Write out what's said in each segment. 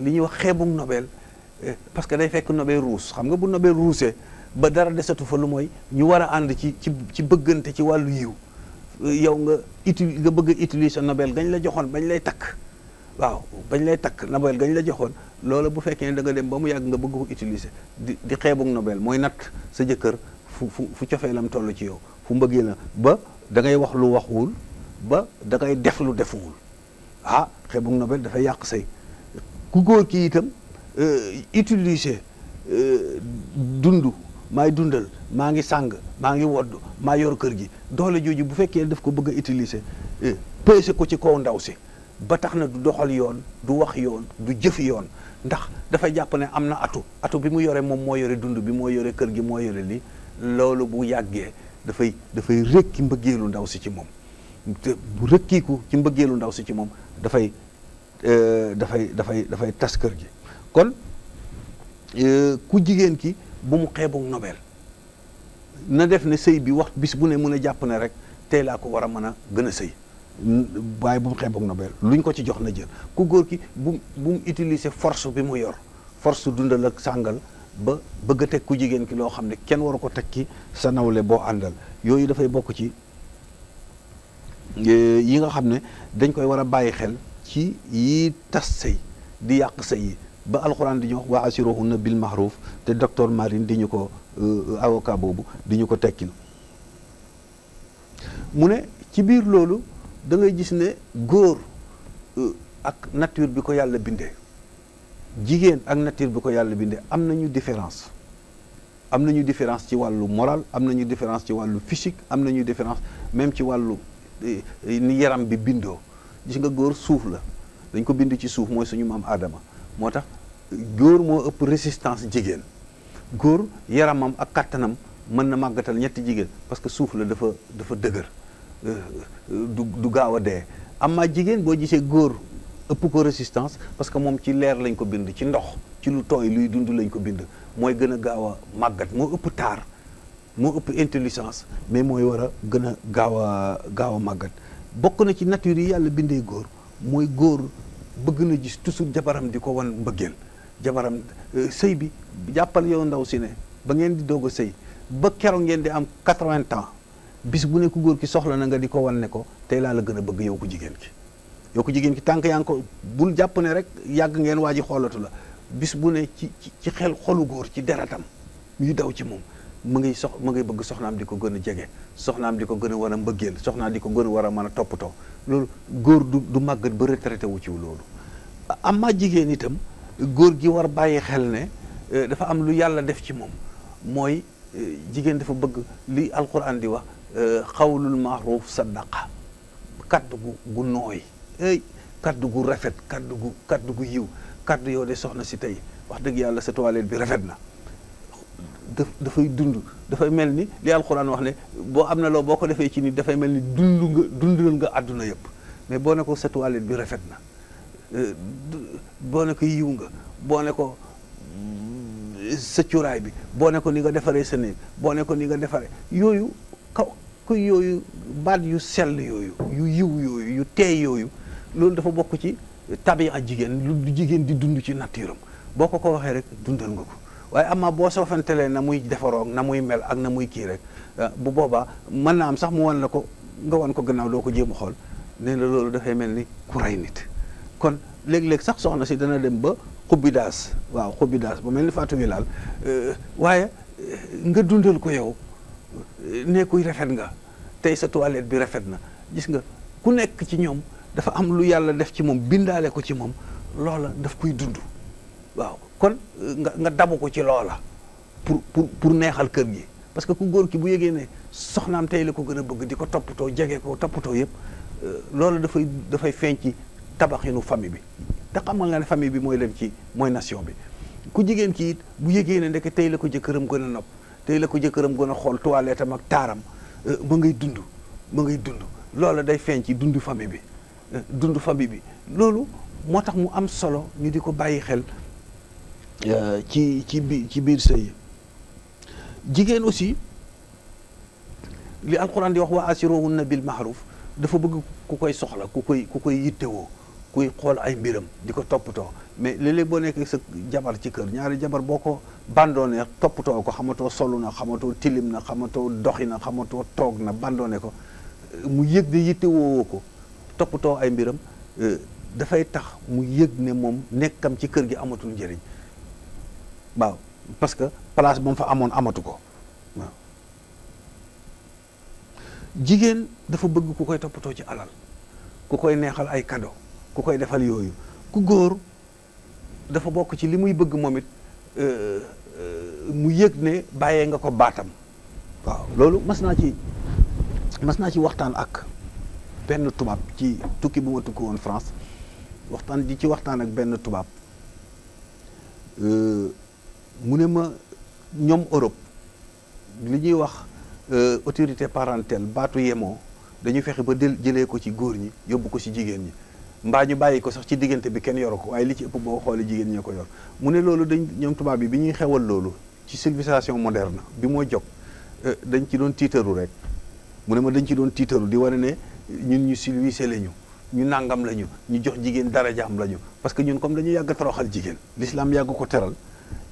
li ñuy wax xeebug nobel eh, parce que day fekk nobel ruus xam nga bu nobel ruusee ba dara desatu fa lu mooy ñu war a ànd ci ci ci bëggante ci wàllu yiw eh, yow nga uti nga bëgg a utiliser nobel gañ joxoon bañ lay takk waaw bañ lay takk nobel gañ la joxoon loola bu fekkee ne nga dem ba mu yàgg nga bëgg ko utiliser di di xeebug nobel mooy natt sa jëkkër fu fu fu cofeelam toll ci yow fu mbëggee la ba da ngay wax lu waxuwul ba da ngay def lu defuwul ah xeebug nobel dafay yàq sëy ku góor kii itam euh, utiliser euh, dund maay dundal maa ngi sàng maa ngi wodd maa yor kër gi doole jooju bu fekkee daf ko bëgg a utiliser euh, peser ko ci kaw ndaw si ba tax na du doxal yoon du wax yoon du jëf yoon ndax dafay jàpp ne am na atu atu bi mu yore moom moo yore dund bi moo yore kër gi moo yore li loolu bu yàggee dafay dafay rëkki mbëggeelu ndaw si ci moom te bu rëkkiiku ci ndaw si ci moom dafay Euh, dafay dafay dafay tas kër gi kon euh, ku jigéen ki bu mu xeebu nobel na def ne sëy bi wax bis bu ne mën a jàpp ne rek tey laa ko war a mën a gën a sëy waaye bu mu xeeboog nobel luñ ko ci jox na jël ku góor ki bu bu mu utiliser force bi mu yor force dundal ak sàngal ba bëgg a teg ku jigéen ki loo xam ne kenn waru ko teg ki sa nawle boo àndal yooyu dafay bokk ci euh, yi nga xam ne dañ koy war a bàyyi xel ci yi tas sëy di yàq sëy yi ba alxuraan di ñu wax waa asiruhunna bil mahruf te docteur Marine di ñu ko euh, awoka boobu di ñu ko tekkil mu ne ci biir loolu dangay gis ne góor euh, ak nature bi ko yàlla bindee jigéen ak nature bi ko yàlla bindee am nañu différence am nañu différence ci wàllu moral am nañu différence ci wàllu physique am na nañu différence même ci wàllu euh, ni yaram bi bindoo gis nga góor suuf la dañ ko bind ci suuf mooy suñu maam aadama moo tax góor moo ëpp résistance jigéen góor yaramam ak kattanam mën na màggatal ñetti jigéen parce que suuf la dafa dafa dëgër euh, du du gaaw a dee amaa jigéen boo gisee góor ëpp ko résistance parce que moom ci leer lañ ko bind ci ndox ci lu tooy luy dund lañ ko bind mooy gën a gaaw a màggat moo ëpp taar moo ëpp intelligence mais mooy war a gën a gaaw a gaaw a màggat bokk na ci nature yi yàlla bindee góor mooy góor bëgg na gis toujours jabaram di ko wan mbëggeel jabaram euh, sëy bi jàppal yow ndaw si ne ba ngeen di doog a sëy ba keroog ngeen di am quatre-vingts ans bis bu ne ku góor ki soxla na nga di ko wan ne ko tey laa la gën a bëgg yow ko jigéen ki yow ku jigéen ki tànk yaa ngi ko bul jàpp ne rek yàgg ngeen waa ji xoolatu la bis bu ne ci ci xel xolu góor ci deratam yu daw ci moom mu ngi sox mu ngi bëgg soxnaam di ko gën a jege soxnaam di ko gën a war a mbëggeel soxnaam di ko gën a war a mën a toppatoo loolu góor du du màggat ba retraité wu ci loolu am jigéen itam góor gi war bàyyi xel ne e, dafa am lu yàlla def ci moom mooy e, jigéen dafa bëgg li alquran di wax e, xawlul maaruf sadaqa kaddu gu gu nooy ey kaddu gu rafet kaddu gu gu yiw kaddu yow de soxna si tey wax dëgg yàlla sa toilette bi rafet na dafay dund dafay mel ni li alxuraan wax ne boo am na loo boo ko defee ci nit dafay mel ni dund nga dundal nga àdduna yëpp mais boo ne ko sa toilette bi rafet na euh, boo ne ko yiw nga boo ko mm, sa cuuraay bi boo ne ni nga defaree sa néeg boo ne ko ni nga defaree yooyu kaw ku yooyu baat yu sell yooyu yu yiw yooyu yu teey yooyu loolu dafa bokk ci tabiya jigéen lu jigéen di dund ci natturam boo ko ko waxee rek dundal nga ko waaye ama boo soofantelee na muy defaroog na muy mel ak na muy kii rek euh, bu boobaa mën naa am sax mu wan la ko nga wan ko gannaaw doo ko jéem a xool nee na loolu dafay mel ni ku rey nit kon léeg-léeg sax soxna si dana dem ba xubbi waaw xubbi daas ba mel ni Fatou laal euh, waaye euh, nga dundal ko yow nekkuy rafet nga tey sa toilette bi rafet na gis nga ku nekk ci ñoom dafa am lu yàlla def ci moom bindaale ko ci moom loola daf koy dund waaw kon euh, nga nga dabu ko ci loola pour pour pour neexal kër gi parce que ku góor ki bu yëgee ne soxnaam tey la ko gën a bëgg di ko toppatoo jege ko toppatoo yëpp euh, loolu dafay dafay feeñ ci tabaxinu famille bi te xamal nga ne famille bi mooy leen ci mooy nation bi ku jigéen ki bu yëgee ne ndeke tey la ko jëkkëram gën a nopp tey la ko jëkkëram gën a xool toilette am ak taaram euh, ma ngay dund ma ngay dund loolu day feeñ ci dund famille bi dund famille bi loolu moo tax mu am solo di ko bàyyi xel Euh, ci ci bi ci biir sëy jigéen aussi li alquran di wax waa asiruhunna bil maaruf dafa bëgg ku koy soxla ku koy ku koy yittewoo kuy xool ay mbiram di ko toppatoo mais léeg boo nekkee sa jabar ci kër ñaari jabar boo ko bandone toppatoo ko xamatoo solu na xamatoo tilim na xamatoo doxi na xamatoo toog na bandone ko mu yëg ne yittewoo ko toppatoo ay mbiram euh, dafay tax mu yëg ne moom nekkam ci kër gi amatul njëriñ waaw parce que place ba mu fa amoon amatu ko waaw jigéen dafa bëgg ku koy toppatoo ci alal ku koy neexal ay cadeau ku koy defal yooyu ku góor dafa bokk ci li muy bëgg moom it euh, euh, mu yëg ne bàyyee nga ko baatam waaw loolu mas naa ci mas naa ci waxtaan ak benn tubaab ci tukki bu ma tukki woon France waxtaan di ci waxtaan ak benn tubaab euh, mu ne ma ñoom Europe li ñuy wax euh, autorité parentale baatu yemoo dañu fexe ba del jëlee ko ci góor ñi yóbbu ko ci jigéen ñi mbaa ñu bàyyi ko sax ci diggante bi kenn yoru ko waaye li ci ëpp boo xoolee jigéen ñoo ko yor mu ne loolu dañ ñoom tubaab bi bi ñuy xewal loolu ci civilisation moderne bi moo jóg euh, dañ ci doon tiitaru rek mu ne ma dañ ci doon tiitaru di wane ne ñun ñu civilisé lañu ñu nàngam lañu ñu jox jigéen darajaam lañu parce que ñun comme dañu yàgg toroxal jigéen l'islam yàgg ko teral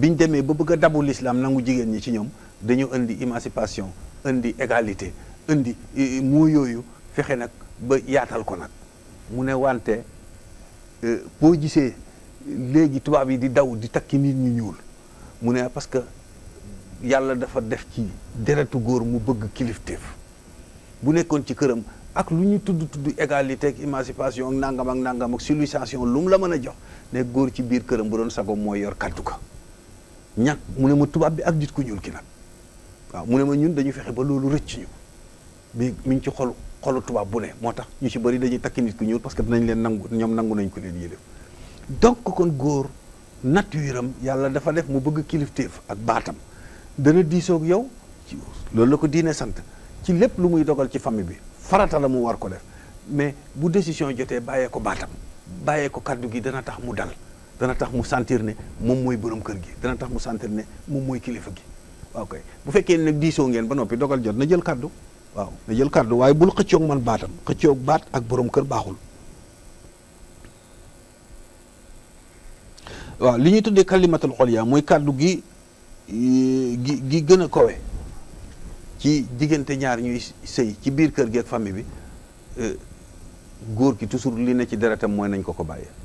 biñ demee ba bëgg a dabu lislaam nangu jigéen ñi ci ñoom dañu indi émancipation indi égalité indi mu yooyu fexe nag ba yaatal ko nag mu ne wante euh, boo gisee léegi tubaab yi di daw di takki nit ñu ñuul mu ne parce que yàlla dafa def ci deretu góor mu bëgg kilifteef bu nekkoon ci këram ak lu ñu tudd tudd égalité ak émancipation ak nangam ak nangam ak civilisation lu la mën a jox ne góor ci biir këram bu doon sago mooy yor kàddu ñàkk mu ne ma tubaab bi ak nit ku ñuul ki nag waaw mu ne ma ñun dañu fexe ba loolu rëcc ñu mu mi ci xol xolu tubaab bu ne moo tax ñu ci bari dañuy takk nit ku ñuul parce que dinañ leen nangu ñoom nangu nañ ko leen yëlef donc kon góor nature yàlla dafa def mu bëgg kilifteef ak baatam dana diisoog yow loolu la ko diine sant ci lépp lu muy dogal ci famille bi farata la mu war ko def mais bu décision jotee bàyyee ko baatam bàyyee ko kàddu gi dana tax mu dal dana tax mu sentir ne moom mooy boroom kër gi dana tax mu sentir ne moom mooy kilifa gi waaw bu fekkee ne nag diisoo ngeen ba noppi dogal jot na jël kàddu waaw na jël kàddu waaye bul xëccoog man baatam xëccoog baat ak borom kër baaxul waaw li ñu tuddee kalimatul xoliya mooy kàddu gi gi gi gën a kowe ci diggante ñaar ñuy sëy ci biir kër gi ak famille bi euh, góor gi toujours li ne ci deretam mooy nañ ko ko bàyyee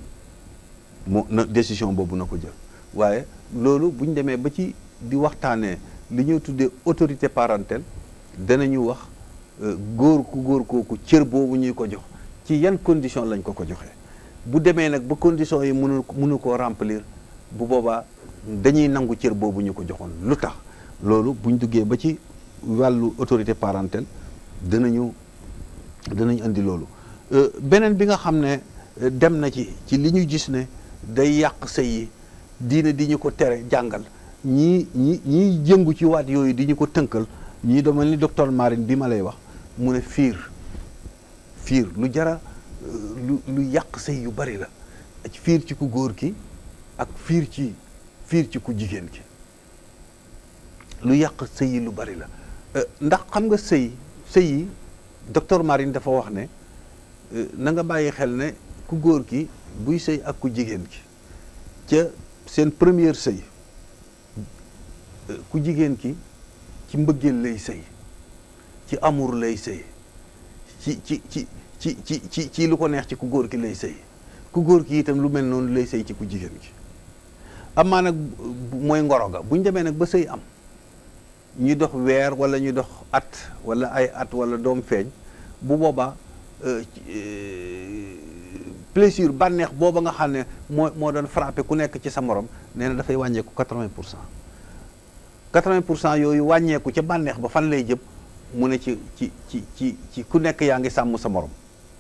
moo na décision boobu na ko jël waaye loolu bu demee ba ci di waxtaanee li ñuy tuddee autorité parentale danañu wax euh, góor ku góor kooku cër boobu ñuy ko jox ci yan condition lañ ko ko joxee bu demee nag ba condition yi mënu mënu koo remplir bu boobaa dañuy nangu cër boobu ñu ko joxoon lu tax loolu buñ duggee ba ci wàllu autorité parentale danañu danañ indi loolu euh, beneen bi nga xam ne euh, dem na ci ci li ñu gis ne day yàq sëy yi diine di ñu ko tere jàngal ñii ñi ñiy jëngu ci waat yooyu di ñu ko tënkal ñii dama ni docteur Marine bi ma lay wax mu ne fiir fiir lu jara euh, lu yàq sëy yu bari la fiir ci ku góor ki ak fiir ci fiir ci ku jigéen ki lu yàq sëy lu bari la euh, ndax xam nga sëy sëy yi Marine dafa wax ne euh, na nga bàyyi xel ne ku góor ki buy sëy ak ku jigéen ki ca seen première sëy ku jigéen ki ci mbëggeel lay sëy ci amour lay sëy ci ci ci ci ci ci ci lu ko neex ci ku góor ki lay sëy ku góor ki itam lu mel noonu lay sëy ci ku jigéen ki am maa nag mooy ngoro ga bu ñu demee nag ba sëy am ñu dox weer walla ñu dox at wala ay at walla doom feeñ bu booba euh, plaisir bànneex booba nga xam ne moo moo doon frappé ku nekk ci sa morom nee na dafay wàññeeku 80 pour cent 80 pour cent yooyu wàññeeku ca bànneex ba fan lay jëm mu ne ci ci ci ci ci ku nekk yaa ngi sàmm sa morom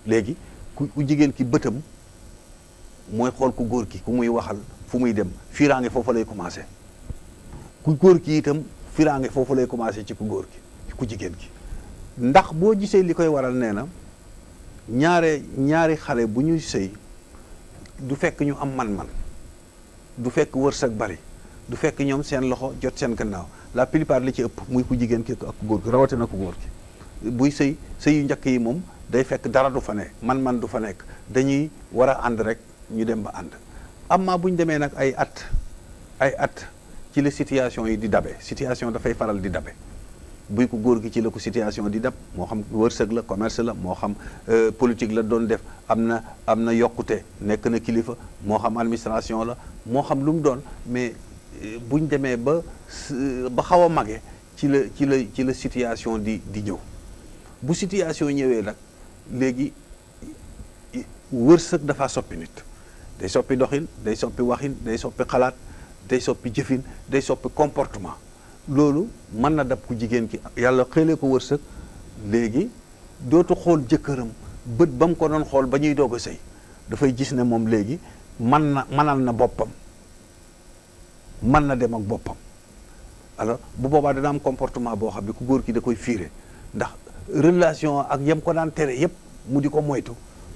léegi ku jigéen ki bëtam mooy xool ku góor ki ku muy waxal fu muy dem fiiraange foofu lay commencé ku góor ki itam fiiraange foofu lay commencé ci ku góor ki ku jigéen ki ndax boo gisee li koy waral nee na ñaare ñaari xale bu ñuy sëy du fekk ñu am man-man du fekk wërsëg bari du fekk ñoom seen loxo jot seen gannaaw la plupart li ci ëpp muy ku jigéen ki ak góor gi rawatina ku góor gi buy sëy sëyu yu njëkk yi moom day fekk dara du fa ne man-man du fa nekk dañuy war a ànd rek ñu dem ba ànd amma bu ñu demee nag ay at ay at ci la situation yi di dabe situation dafay faral di dabe buy ko góor gi ci la ko situation di dab moo xam wërsëg la commerce la moo xam euh, politique la doon def am na am na yokkute nekk na kilifa moo xam administration la moo xam lu mu doon mais euh, buñ demee ba euh, ba xaw a mage ci la ci la ci la situation di di ñëw bu situation ñëwee nag léegi wërsëg dafa soppi nit day soppi doxin day soppi waxin day soppi xalaat day soppi jëfin day soppi comportement loolu mën na dab ku jigéen ki yàlla xëyle ko wërsëg léegi dootu xool jëkkëram bët ba mu ko doon xool ba ñuy doog a sëy dafay gis ne moom léegi man na manal na boppam man na dem ak boppam alors bu boobaa dana am comportement boo xam ne ku góor ki da koy fiire ndax relation ak yam ko daan tere yépp mu di ko moytu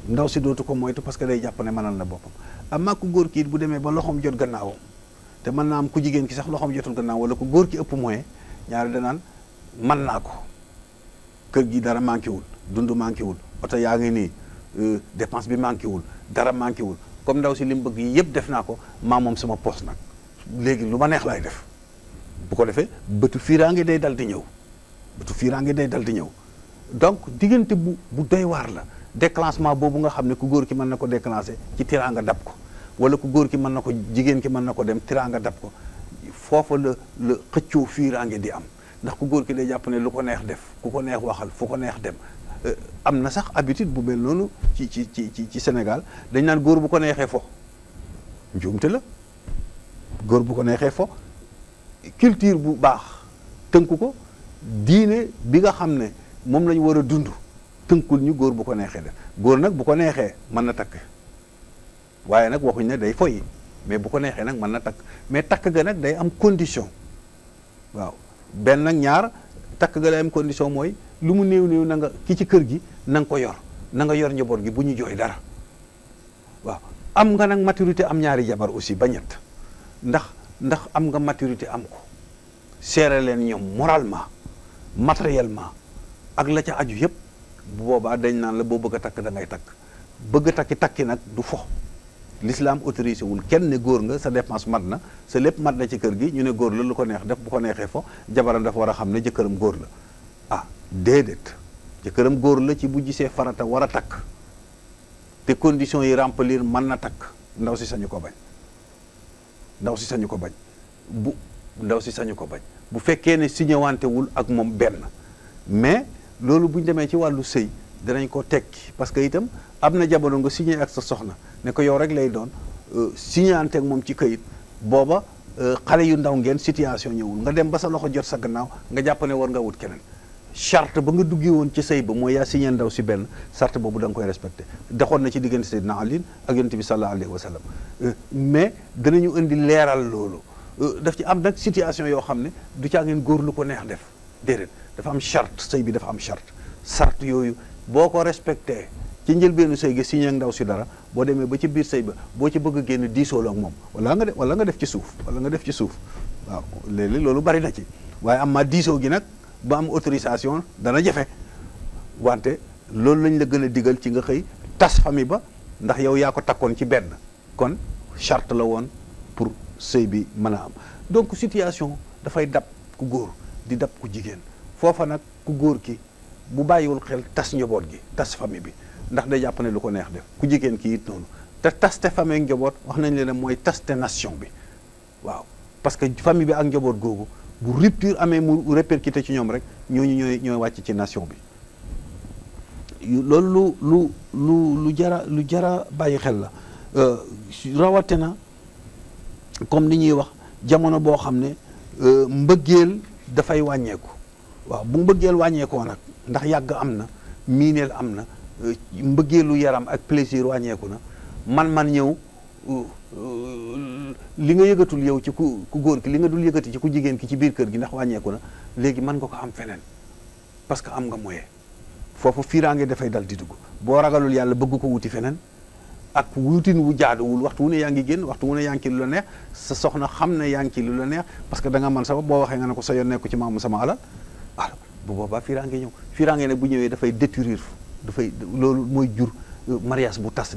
ndaw si dootu ko moytu parce que day jàpp ne mënal na boppam amaa ku góor ki bu demee ba loxoom jot gannaawam te mën naa am ku jigéen ki sax loxoom jotul gannaaw wala ku góor ki ëpp moyen ñaari danaan man naa ko kër gi dara manqué wul dund manqué wul oto yaa ngi nii euh, dépense bi manqué wul dara manqué wul comme ndaw si li mu bëgg yëpp def naa ko maamoom moom sama poos nag léegi lu ma neex laay def bu ko defee bëtu fiiraange day dal di ñëw bëtu fiiraange day dal di ñëw donc diggante bu bu doy waar la déclancement boobu nga xam ne ku góor ki mën na ko déclencher ci tiraanga dab ko wala ku góor ki mën na ko jigéen ki mën na ko dem tiraanga dab ko foofa la la xëccoo fiiraange di am ndax ku góor ki day jàpp ne lu ko neex def ku ko neex waxal foo ko neex dem euh, am na sax habitude bu mel noonu ci ci ci ci Sénégal dañ naan góor bu ko neexee fo njuumte la góor bu ko neexee fo culture bu baax tënku ko diine bi nga xam ne moom lañu ñu war a dund tënkul ñu góor bu ko neexee def góor nag bu ko neexee mën na takk waaye nag waxuñ ne day foyi mais bu ko neexee nag mën na takk mais takk ga nag day am condition waaw benn nag ñaar takk ga day am condition mooy lu mu néew néew na nga ki ci kër gi na nga ko yor na nga yor njaboot gi bu ñu jooy dara waaw am nga nag maturité am ñaari jabar aussi ba ñett ndax ndax am nga maturité am ko seere leen ñoom moralement matériellement ak la ca aju yëpp bu boobaa dañ naan la boo bëgg a takk da ngay takk bëgg takki takki nag du fo lislaam autorisé wul kenn ne góor nga sa dépense mat na sa lépp mat na ci kër gi ñu ne góor la lu ko neex def bu ko neexee fo jabaram dafa war a xam ne jëkkëram góor la ah déedéet jëkkëram góor la ci bu gisee farata war a takk te conditions yi remplir mën na takk ndaw si sañu ko bañ ndaw si sañu ko bañ bu ndaw si sañu ko bañ bu fekkee ne signé ak moom benn mais loolu bu ñu demee ci wàllu sëy dinañ ko tekki parce que itam am na jamono nga signe ak sa soxna ne ko yow rek lay doon euh, signé ante ak moom ci këyit booba euh, xale yu ndaw ngeen situation ñëwul nga dem ba sa loxo jot sa gannaaw nga jàpp ne war nga wut keneen charte ba nga duggee woon ci sëy ba mooy yaa signé ndaw si benn charte boobu danga koy respecté dexoon na ci diggante Seydina Ali ak yonent bi sallallahu alayhi wa sallam euh, mais danañu indi leeral loolu daf ci am nag situation yoo xam ne du caa ngeen góor lu ko neex def déedéet dafa am charte sëy bi dafa am charte charte yooyu boo ko respecté ci njëlbeenu sëy gi signé ndaw si dara boo demee ba ci biir sëy ba boo ci bëgg a génn diisoo ak moom wala nga def wala nga def ci suuf wala nga def ci suuf waaw léeg loolu bari na ci waaye am ma diisoo gi nag ba am autorisation dana jafe wante loolu lañ la gën a digal ci nga xëy tas famille ba ndax yow yaa ko takkoon ci benn kon charte la woon pour sëy bi mën a am donc situation dafay dab ku góor di dab ku jigéen foofa nag ku góor ki bu bàyyiwul xel tas njaboot gi tas famille bi ndax day jàpp ne lu ko neex def ku jigéen ki it noonu te tas te famille ak wax nañ leen ne mooy tas te nation bi waaw parce que famille bi ak njaboot googu bu rupture amee mu répercuté ci ñoom rek ñooñu ñooy ñooy wàcc ci nation bi loolu lu lu lu jara lu jara bàyyi xel la euh, rawate na comme ni ñuy wax jamono boo xam ne euh, mbëggeel dafay wàññeeku waaw bu mbëggeel wàññeekoo nag ndax yàgg am na miineel am na euh, mbëggeelu yaram ak plaisir wàññeeku na man-man ñëw euh, euh, li nga yëgatul yow ci ku ku góor ki li nga dul yëgati ci ku jigéen ki ci biir kër gi ndax wàññeeku na léegi mën nga ko am feneen parce que am nga moyen foofu fiiraange dafay dal di dugg boo ragalul yàlla bëgg ko wuti feneen ak wutin wu jaaduwul waxtu wu ne yaa ngi génn waxtu wu ne yaa lu la neex sa soxna xam ne yaa ngi ci lu la neex parce que da nga mën sa boo waxee nga ne ko sa yoon nekku ci maamu sama bu boobaa fiiraange ñëw fiiraange nag bu ñëwee dafay détruire dafay loolu mooy jur euh, mariage bu tas